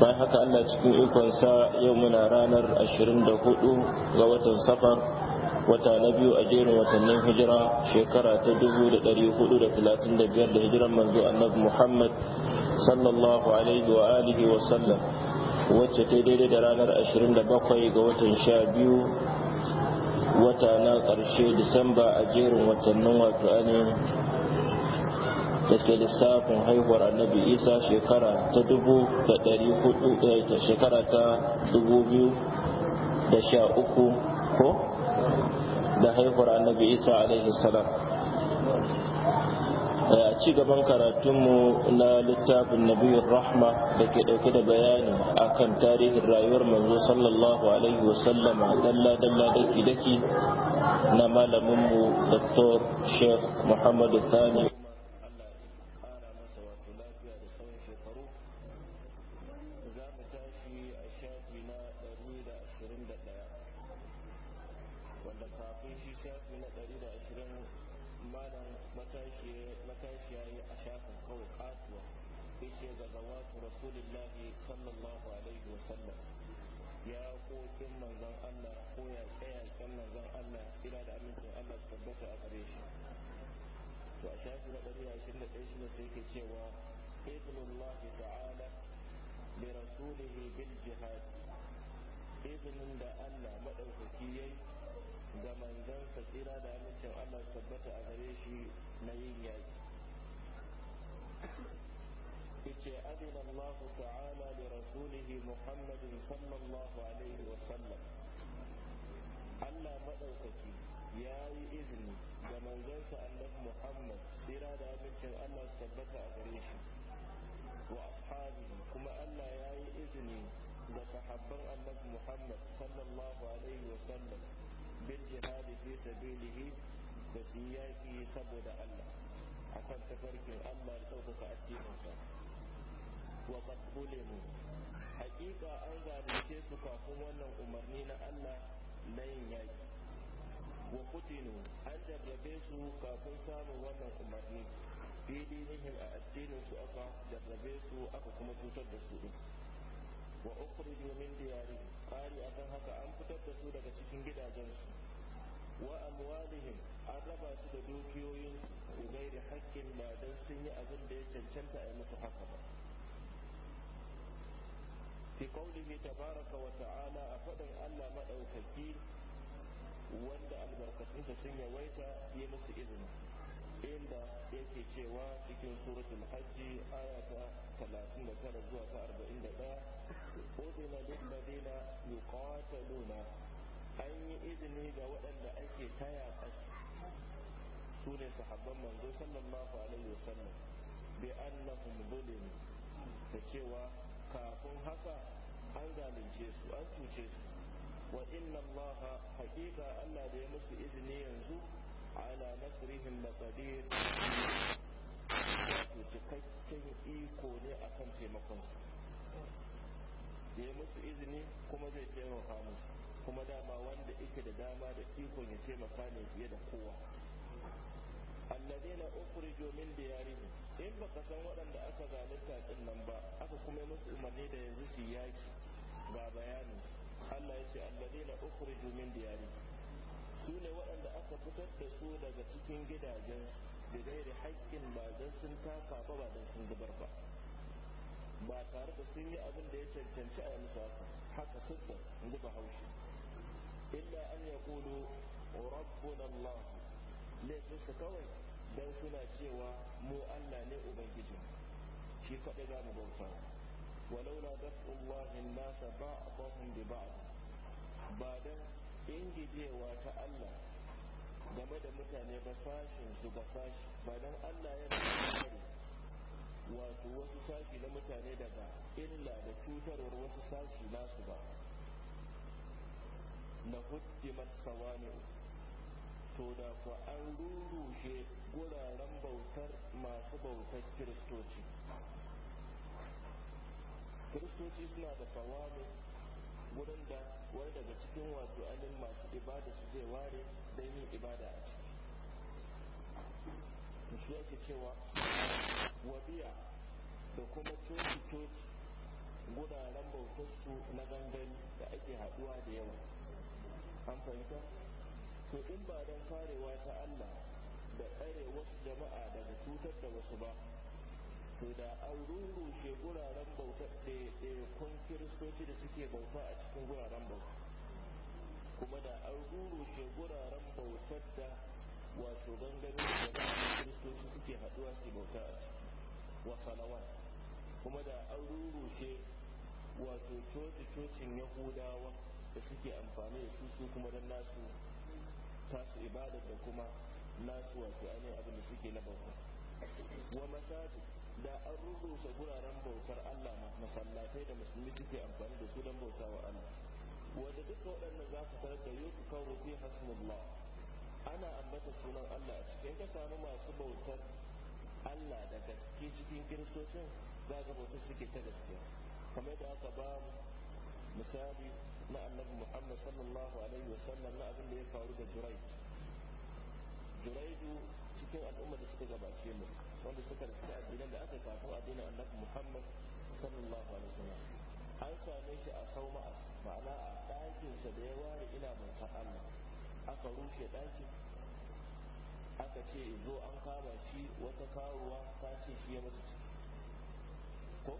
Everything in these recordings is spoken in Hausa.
bayan haka Allah cikin ikonsa yau muna ranar 24 ga watan safar wata na biyu a jerin watannin hijira shekara ta 435 da hijiran manzo annabi Muhammad sallallahu alaihi wa alihi wa sallam wacce ta daidai da ranar 27 ga watan 12 wata na ƙarshe disamba a jerin watannin wato ainihin da lissafin haihuwar annabi isa shekara ta dubu da ɗari hudu eh, ta shekara ta dubu biyu da sha uku ko da haihuwar annabi isa alaihi salam eh, a ci gaban karatunmu na littafin nabiyar rahma da ke ɗauke da bayani akan tarihin rayuwar manzo sallallahu alaihi wasallama dalla-dalla daki-daki na malaminmu dr sheikh muhammadu thani da kafin shi shafi na ɗari da ashirin malam matashiya yi a shafin kawai ya yace ga zawatu rasulillahi sallallahu alaihi wa sallam, ya kokin manzon Allah ko ya tsaya kan manzon Allah ira da amincin Allah su tabbata a gare shi to a shafi na ɗari ashirin da ɗaya shi ne sai yake cewa ibnullahi ta'ala li rasulihi bil jihad izinin da Allah maɗaukaki yayi ga manzansa tsira da amincin Allah tabbata a gare shi na yin yaki yace adina Allah ta'ala da rasulihi Muhammadin sallallahu alaihi wa sallam Allah madaukaki ya yi izini ga manzansa Allah Muhammad tsira da amincin Allah tabbata a gare shi wa ashabihi kuma Allah ya yi izini ga sahabban Allah Muhammad sallallahu alaihi wa sallam bil jihadi fi sabilihi da siyaki saboda Allah akan tafarkin Allah da ka. addininsa wa mu hakika an zalunce su kafin wannan umarni na Allah na yin yaki wa kutinu an jarrabe su kafin samun wannan umarni fi dinihim a addininsu aka jarrabe su aka kuma cutar da su wa ukhriju min diyarihim qari akan haka an fitar da su daga cikin gidajen su wa amwalihim an raba su da dukiyoyin su gairi haƙƙin ba dan sun yi abin da ya cancanta a yi musu haka ba fi qawlihi tabaraka wa ta'ala a faɗin Allah madaukaki wanda albarkatunsa sun yawaita yi musu izini inda yake cewa cikin suratul hajji aya ta 39 zuwa ta 41 udina lil ladina yuqataluna an yi izini ga waɗanda ake taya kasu su ne sahabban manzo sallallahu alaihi wasallam bi annahum zulim da cewa kafin haka an zalunce su an cuce su wa inna allaha haqiqa Allah da ya musu izini yanzu ala nasrihim laqadir wato cikakken iko ne akan taimakon su ya musu izini kuma zai taimaka musu kuma da dama wanda yake da dama da ikon ya taimaka ne fiye da kowa na alladina ukhriju min ne, in baka san waɗanda aka zalunta din nan ba aka kuma musu umarni da yanzu su yaki ba bayanin Allah ya ce na alladina ukhriju min ne. su ne waɗanda aka fitar da su daga cikin gidajen da gairi haƙƙin ba don sun taka ba ba don sun zubar ba ba tare da sun yi abin da ya cancanci a yanzu haka in zuba haushi illa an ya kudu rabbuna Allah su kawai don suna cewa mu Allah ne ubangijin shi faɗi za mu bauta walaula in nasa ba bi ba don ingijewa ta Allah game da mutane ba sashin su ba sashi ba don Allah ya kare wato wasu sashi na mutane daga illa da cutarwar wasu sashi nasu ba na huddimat sawani to da ku an rurushe guraren bautar masu bautar kiristoci kiristoci suna da sawani gurin da wani daga cikin wato alin masu ibada su zai ware don yin ibada a ciki shi yake cewa wabiya da kuma coci-coci guraren bautarsu na gangani da ake haduwa da yawa an fahimta to in ba don farewa ta allah da tsare wasu jama'a daga cutar da wasu ba to da an rurrushe guraren bauta kun kiristoci da suke bauta a cikin guraren bauta kuma da an rurrushe guraren bautar da wato gangare da kiristoci suke haɗuwa su bauta a ciki wa salawat kuma da an rurrushe wato coci-cocin yahudawa da suke amfani da su su kuma don nasu tasu ibadar da kuma nasu wato ainihin abin da suke na bauta wa masajid da an rurrusa guraren bautar Allah masallatai da musulmi suke amfani da su don bauta wa Allah wanda duk waɗannan za ku tarar da yuku kan rufi hasmullah ana ambata sunan Allah a cikin ka samu masu bautar Allah da gaske cikin kiristocin za ga bautar suke ta gaske kamar da aka ba misali na annabi Muhammad sallallahu alaihi wa sallam na abin da ya faru da Juraij Juraiju cikin al'ummar da suka gabace mu wanda suka rasu addinin da aka kafa addinin annabi muhammad sallallahu alaihi wasallam an same shi a sauma ma'ana a ɗakinsa da ya ware ina manta allah aka rushe ɗakin aka ce zo an kama shi wata karuwa ta ce shi ya mutu ko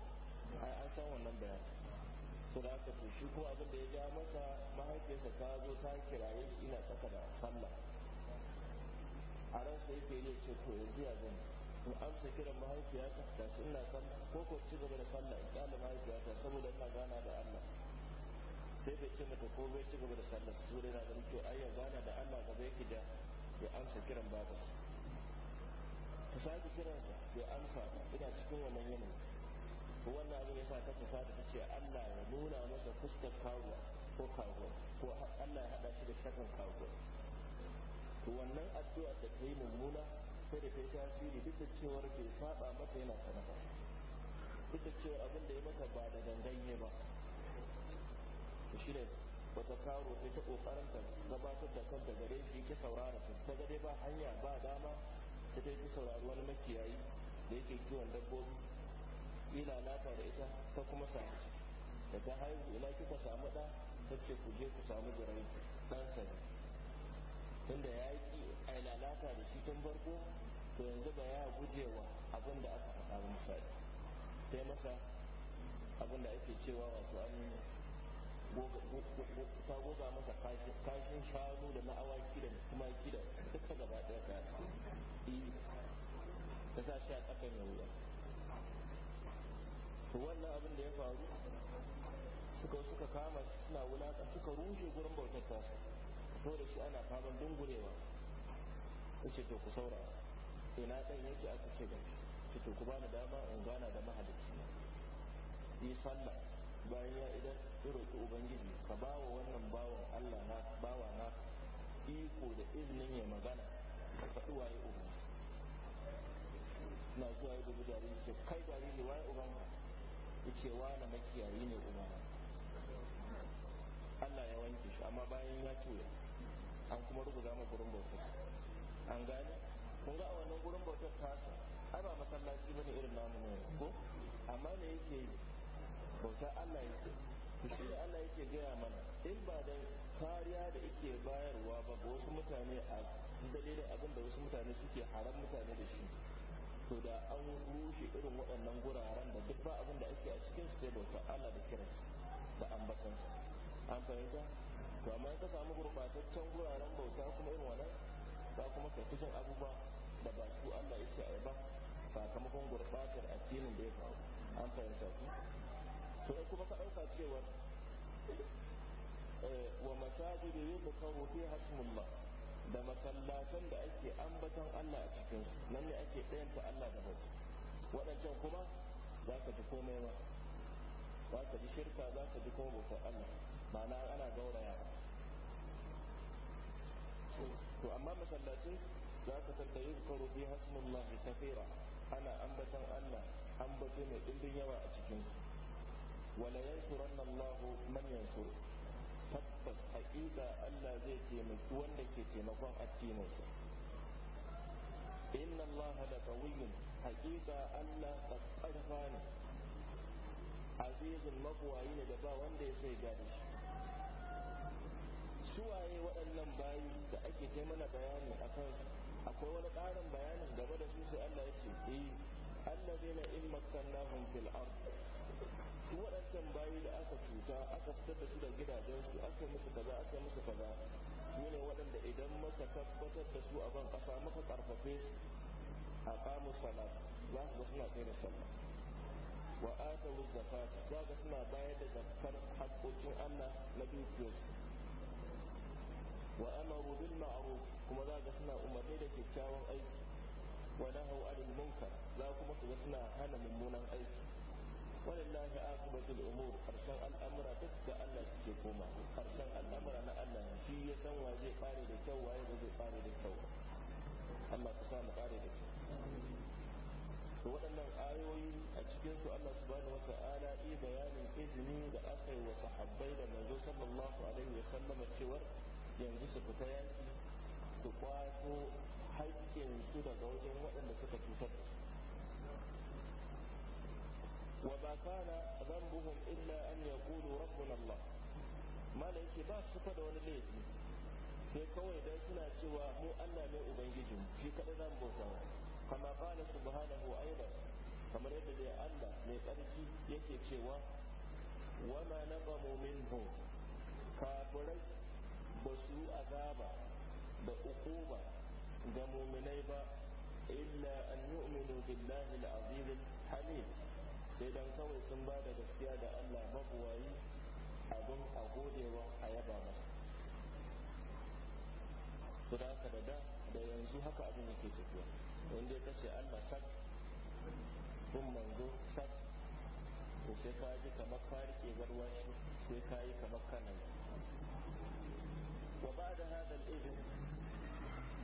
ai an san wannan bayan to da aka to shi ko abin da ya ja masa mahaifiyarsa ta zo ta kiraye ina tsaka da sallah a sai yake ne ce to yanzu ya zan in amsa kiran mahaifiyata da su ina sallah ko ko ci gaba da sallah in kana mahaifiyata saboda ina gana da Allah sai bai ce mata ko bai ci gaba da sallah su dai na zama to ai ya gana da Allah ga bai kida ya amsa kiran baba ta sake sa bai amsa ina cikin wannan yanayi wannan abin ya sa ta kusa da ta ce Allah ya nuna masa fuskar kawo ko kawo ko Allah ya hada shi da shakan kawo to wannan addu'a da ta yi mummuna sai da kai tasiri duk da cewar bai saba masa yana sana ba duk da cewar abin da ya mata ba da ganganye ba to shi ne ta karo sai ta kokarin ta gabatar da kanta gare shi ki saurara ta ta gade ba hanya ba dama ta dai ta saurari wani makiyayi da yake kiwon dabbobi ila lata da ita ta kuma samu da ta haihu ina kika samu ɗa ta ce ku je ku samu jirai ɗansa ne tunda ya yi a yi lalata da shi tun farko to yanzu ba ya gujewa abin da aka faɗa wa misali sai masa abin da ake cewa wasu an ta goga masa kashin shanu da na awaki da kuma gida duka gaba ɗaya ka yi ta sa shi a tsakan yawuwa to wannan abin da ya faru suka suka kama suna wulaƙa suka rushe gurin bautar tasu to da shi ana faman dungurewa ta ce to ku saurara ina ɗan yake aka ce da ce to ku bani dama in gana da mahalicci yi sallah bayan ya idan ya roƙi ubangiji ka ba wa wannan bawan allah na bawa na iko da izinin ya magana ka faɗi waye ubangiji na zuwa ya dubi jariri ce kai jariri waye ubanka ya ce na makiyayi ne ubana allah ya wanke shi amma bayan ya ce an kuma rubuta mai gurin bautar an gane kun ga a wannan gurin bautar tasa ai ba masallaci bane irin namu ne ko amma me yake yi bauta Allah yake shi da Allah yake gaya mana in ba da kariya da yake bayarwa ba ga wasu mutane a dalilin abin da wasu mutane suke haram mutane da shi to da an rushe irin waɗannan guraren da duk ba abin da ake a cikin su sai bauta Allah da kiransa da ambatansa an fahimta to amma ka samu gurɓataccen guraren bauta kuma irin wannan ba kuma ka fi jin abubuwa da ba su Allah ya ce ba sakamakon gurbatar addinin da ya faru an fahimta su to kuma ka ɗauka cewa eh, wa masajid yuzkaru fiha hasmullah da masallatan da ake ambaton Allah a cikin su nan ne ake ɗayanta Allah da bauta waɗancan kuma za ka ji komai ba za ka ji shirka za ka ji kuma bautar Allah ma'ana ana gauraya to amma masallacin za ka tarda yuzkaru fi lahi kafira ana ambatan Allah ambatu mai dindin yawa a cikin su wala yansuran Allahu man yansur tabbas haƙiƙa Allah zai taimaki wanda ke taimakon sa inna Allah da qawiyyun haƙiƙa Allah tsarfa ne azizun ne da ba wanda ya sai gadi shi suwaye waɗannan bayi da ake kai mana bayani a kansu akwai wani ƙarin bayanin gaba da su sai Allah ya ce eh na in makkannahum fil ard su waɗancan bayi da aka cuta aka fitar da su da gidajensu aka musu kaza aka musu kaza su ne waɗanda idan maka tabbatar da su a ban ƙasa maka ƙarfafe su a ƙamu salat za su ga suna sai da sallah wa atawu zakat za ga suna bayar da zakar haƙƙoƙin Allah na dukiyarsu wa amaru bil ma'ruf kuma za ka suna umarni da kyakkyawan aiki wa nahaw anil munkar za kuma ga suna hana mummunan aiki walillahi aqibatul umur karshen al'amura duk da Allah suke koma karshen al'amura na Allah shi ya san wa zai fare da kyau waye ba zai fare da kyau Allah ka sa mu fare da kyau to waɗannan ayoyi a cikin su Allah subhanahu wata'ala yi bayanin izini da aka yi wa sahabbai da manzo sallallahu alaihi wa sallam cewar yanzu su fita yaki su kwato su daga wajen waɗanda suka cutar wa ba kana zambuhum illa an yaqulu rabbuna Allah mala yake ba su da wani laifi sai kawai dai suna cewa mu Allah ne ubangiji shi kada zan bauta kama qala subhanahu aida kamar yadda dai Allah mai tsarki yake cewa wa ma naqamu minhu kafirai ba su azaba da ukuba ga muminai ba illa an yi yu'minu billahi al-aziz sai don kawai sun ba da gaskiya da Allah mabuwayi abin a godewa a yaba ba. su da aka da da yanzu haka abin yake tafiya wanda ya kace Allah sak sun manzo sak sai ka ji kamar ka rike garwashi sai ka yi kamar kanan wa ba da hadal izin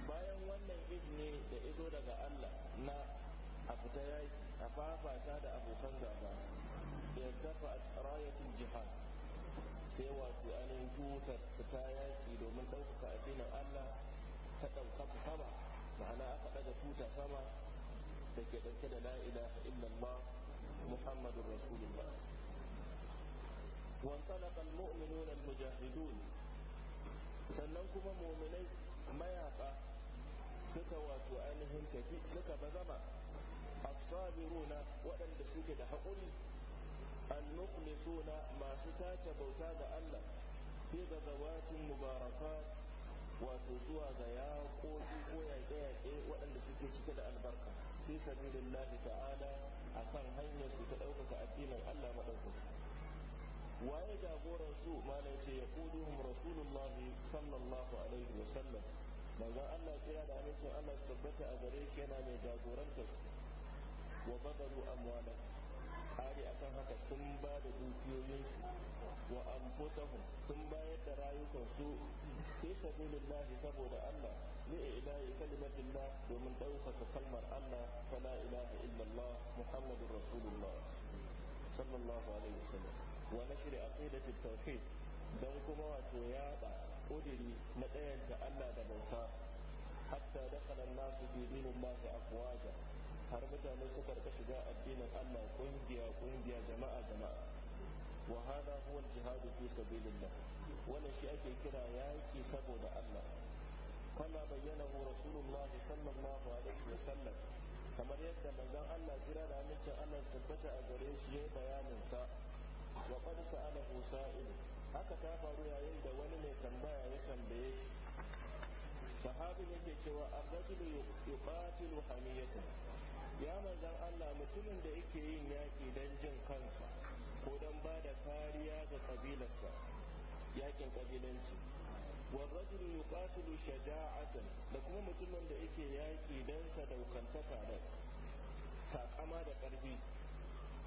bayan wannan izini da izo daga Allah na a fita yaki a fafata da abokan gaba ya tafa rayatul jihad sai wato anin tutar fita yaki domin ɗaukaka addinin Allah ta ɗaukaka sama ma'ana aka ɗaga tuta sama da ke ɗauke da la ilaha illallah muhammadun rasulullah وانطلق المؤمنون ne. sannan kuma muminai mayaƙa suka wato ainihin tafi suka bazama as-sabiruna waɗanda suke da haƙuri al sona masu tace bauta ga Allah fi zawatin mubaraka wato zuwa ga yaƙoƙi ko yaƙe-yaƙe waɗanda suke cike da albarka fi sabilillahi ta'ala kan hanyar su ta ɗaukaka addinin Allah maɗaukaka waye jagoran su malam ce ya kuduhum wasallam manzon Allah kira da amincin Allah su tabbata a gare shi yana mai jagoranta wa badaru amwalan ari akan haka sun ba da dukiyoyin wa anfusahum sun bayar da rayukan su fi sabilillahi saboda Allah li ilahi kalimatillah domin ɗaukaka kalmar Allah fala ilaha illallah muhammadur rasulullah sallallahu alaihi wasallam wa nashri tauhid dan kuma wato yada ƙudiri na ɗayan ga Allah da bauta hatta da an-nasu fi dinillahi afwaja har mutane su rika shiga addinin Allah ƙungiya-ƙungiya, jama'a jama'a wa hada huwa al fi sabilillah wannan shi ake kira yaki saboda Allah bayyana mu rasulullah sallallahu alaihi wa sallam kamar yadda manzon Allah jira da amincin Allah tabbata a gare shi ya bayanin sa wa qad sa'alahu sa'il haka ta faru yayin da wani mai tambaya ya tambaye shi ne ke cewa arrajulu yuqatilu hamiyatan ya manzan Allah mutumin da yake yin yaƙi don jin kansa ko don ba da kariya ga kabilarsa yaƙin kabilanci warrajulu yuqatilu shaja'atan da kuma mutumin da yake yaƙi don sadaukantaka da takama da ƙarfi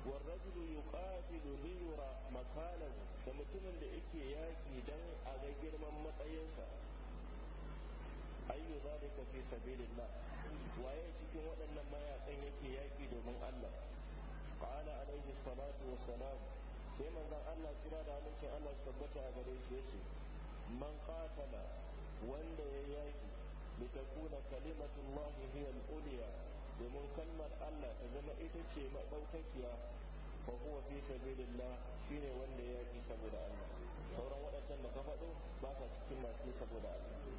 والرجل يقاتل ليرى مكانه da mutumin da yake yaki dan a ga girman matsayinsa ayyu zalika fi sabilillah waye cikin waɗannan mayakan yake yaki domin Allah qala alaihi salatu wassalam sai manzon Allah kira da halittar Allah su tabbata a gare shi yace man qatala wanda ya yaki litakuna kalimatullahi hiya al-ulya domin kalmar Allah ta zama ita ce maɗaukakiya fa huwa fi shi ne wanda ya yaki saboda Allah sauran waɗancan da ka faɗo ba ka cikin masu saboda Allah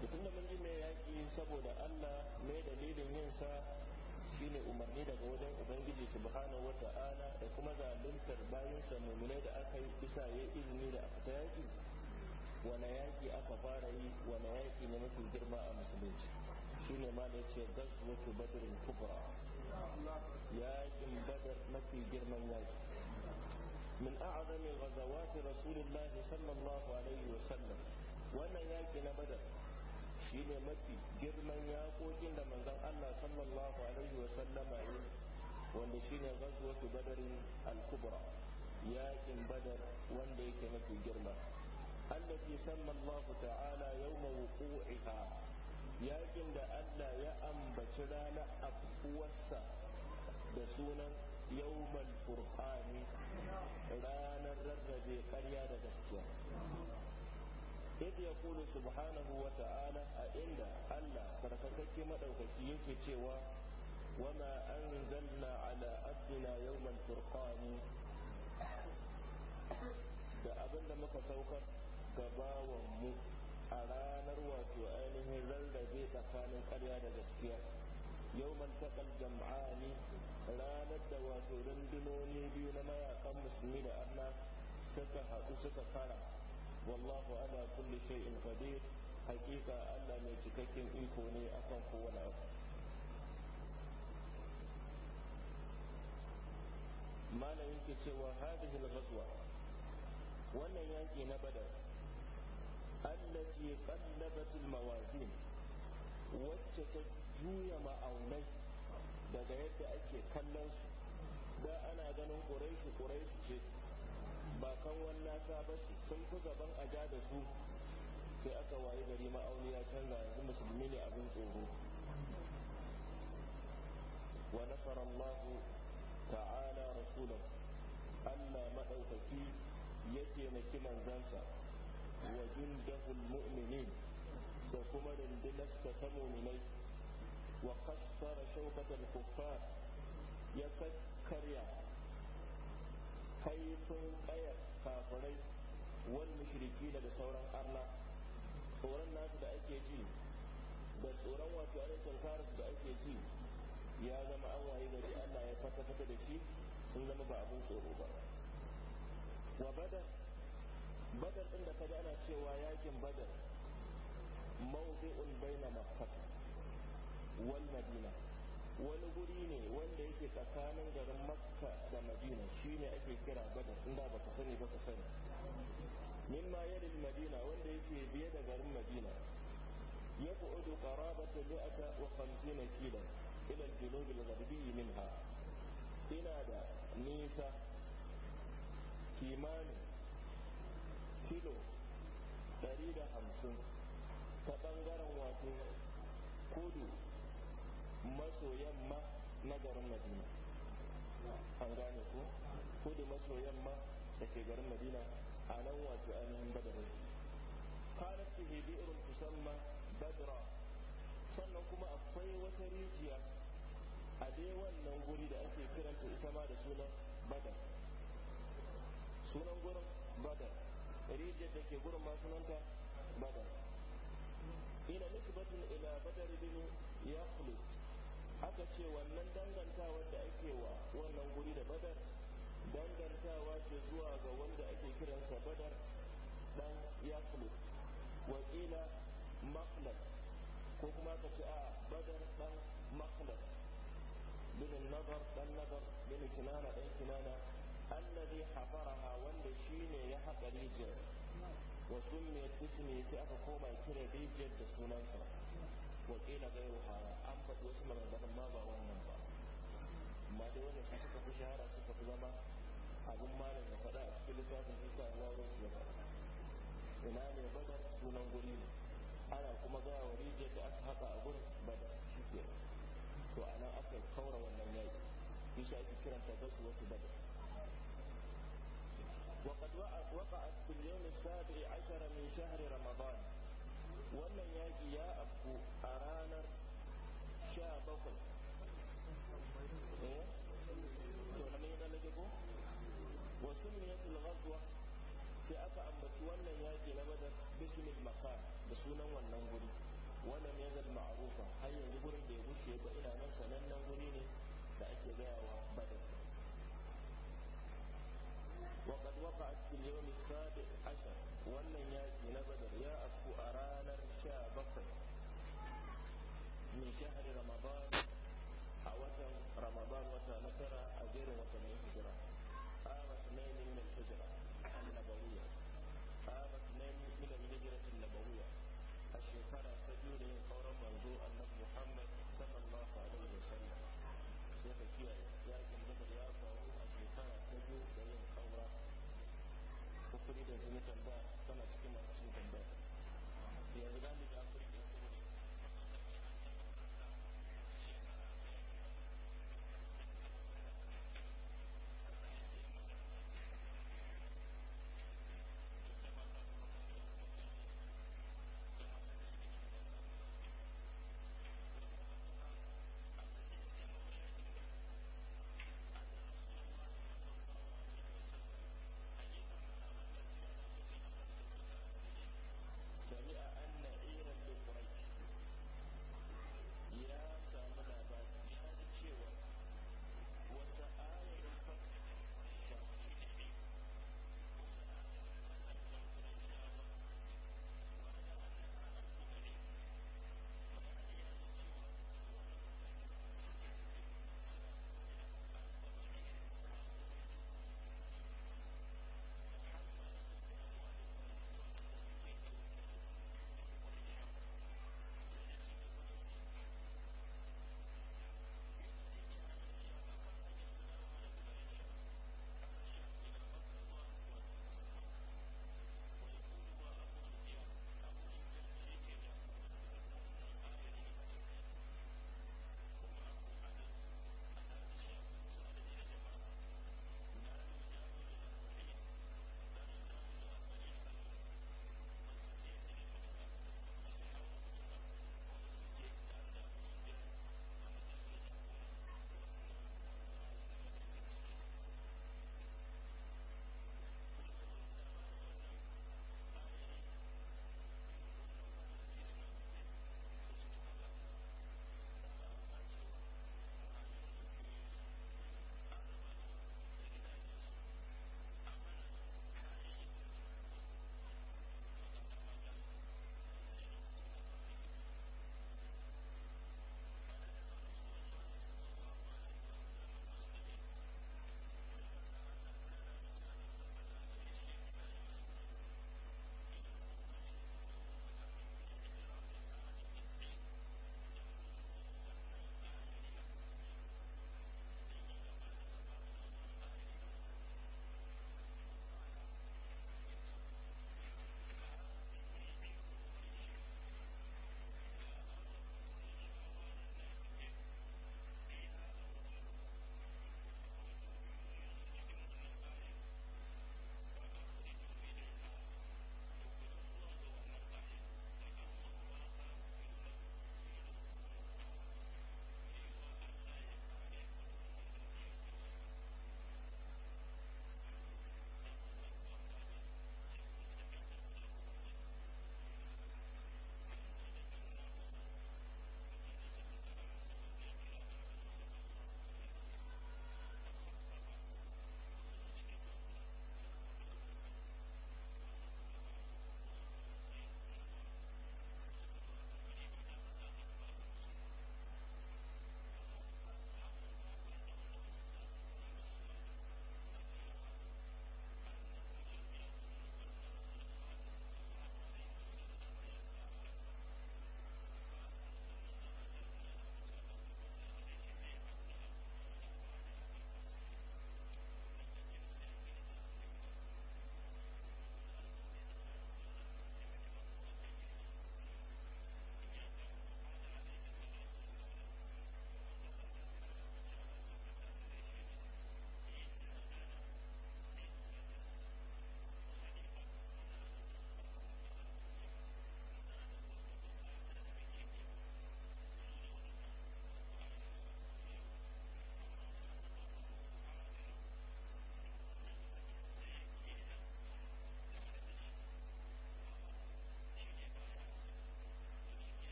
mutum da mun ji mai yaƙi saboda Allah mai dalilin yin yinsa ne umarni daga wajen ubangiji subhanahu wata'ala da kuma zaluntar bayansa mummunai da aka yi kisa ya izini da aka ta yaƙi Wani yaƙi aka fara yi wani yaƙi ne mafi girma a musulunci shi ne ma da ce gaswatu badarin kubra yaƙin badar mafi girman yaƙi min a'azami ghazawati rasulullah sallallahu alaihi wa sallam wannan yaƙi na badar shi ne mafi girman yaƙoƙin da manzon Allah sallallahu alaihi wa sallama yi wanda shi ne gaswatu badarin al-kubra yaƙin badar wanda yake mafi girma التي سمى الله yau يوم وقوعها yakin da Allah ya ambaci ranar afkuwarsa da sunan yawmal furqani ranar rarrabe karya da gaskiya yadda ya kula subhanahu wa ta'ala a inda Allah farfakakke madaukaki yake cewa wama anzalna ala abdina yawmal furqani da abinda muka saukar gabawan mu a ranar wato ainihin rarrabe tsakanin karya da gaskiya yau man taƙal jam'ani ranar da wato rundunoni biyu na mayakan musulmi da arna suka haɗu suka fara wallahu ala kulli shay'in qadir hakika Allah mai cikakken iko ne akan kowane abu malamin ke cewa hadhihi al-ghazwa wannan yaƙi na badar allati qallabat almawazin wacce ta juya ma'aunai daga yadda ake kallon su da ana ganin quraishi quraishi ce ba kan wannan ta ba sun fi gaban aja da su sai aka waye gari ma'auni ya canza yanzu musulmi ne abin tsoro wa nasara Allah ta'ala rasulahu Allah madaukaki yake na zansa wa jundahul mu'minin da kuma rundunarsa ta muminai wa kassara shaukatar kuffar ya karya haifin ƙayar kafirai wal mushriki da sauran arna tsoron nasu da ake ji da tsoron wato ainihin karasu da ake ji ya zama an waye gari allah ya fata fata da shi sun zama ba abin tsoro ba wa badar din da kaji ana cewa yakin badar mawdi'un baina makkah wal madina wani guri ne wanda yake tsakanin garin makka da madina ne ake kira badar ba baka sani ba baka sani ma yadin madina wanda yake biye da garin madina ya ku'udu qarabata mi'ata wa khamsina kilo ila al-junub al-gharbi minha ina da nisa kimanin kilo 150 ta bangaren wato kudu maso yamma na garin madina an gane ku? kudu maso yamma da ke garin madina a nan wato ainihin badarai su fihi irin tusamma badra sannan kuma akwai wata rijiya a dai wannan guri da ake kiranta ita ma da sunan badar sunan gurin badar rijiyar da ke gurin masunanta badar ila nisbatun ila badar bin yaqlid aka ce wannan dangantawa da ake wa wannan guri da badar dangantawa ce zuwa ga wanda ake kiransa badar dan yaqlid wa ila maqlad ko kuma aka ce a badar dan maqlad bin nazar dan nazar bin kinana dan kinana allazi hafaraha wanda shine ya haƙa rijiyar wa summiyat ismi sai aka koma kira rijiyar da sunansa wa qila ghayru hara an faɗi wasu maganganun ma ba wannan ba amma dai su suka fi shahara suka fi zama abin malam ya faɗa a cikin littafin isa ya zo su ya faɗa ina ne badar sunan guri ne ana kuma gaya wa rijiyar da aka haƙa a gurin badar shi to a nan aka kaura wannan yaƙi shi ake kiranta su wasu badar وقد وقعت في اليوم السابع عشر من شهر رمضان wannan yaƙi ya afku a ranar sha bakwai eh ne na ko wa sai aka ambaci wannan yaki na badar bismil maqam da sunan wannan guri wannan ne zal ma'rufa har yanzu gurin da ya bushe ba ina nan sanannen guri ne da ake gayawa ba وقعت في اليوم السابع عشر wannan yaki na badar ya afku a ranar sha bakwai min shahari ramadan a watan ramadan wata na tara a jerin watannin hijira ama sunaini min al-hijra an-nabawiyya ama sunaini min al-hijra an-nabawiyya a shekara ta biyu da yin sauran manzo annabi muhammad sallallahu alaihi wasallam sai ka kiyaye yakin badar ya faru a shekara ta biyu da yin kufuri da zini tambaya tana cikin masu cikin yanzu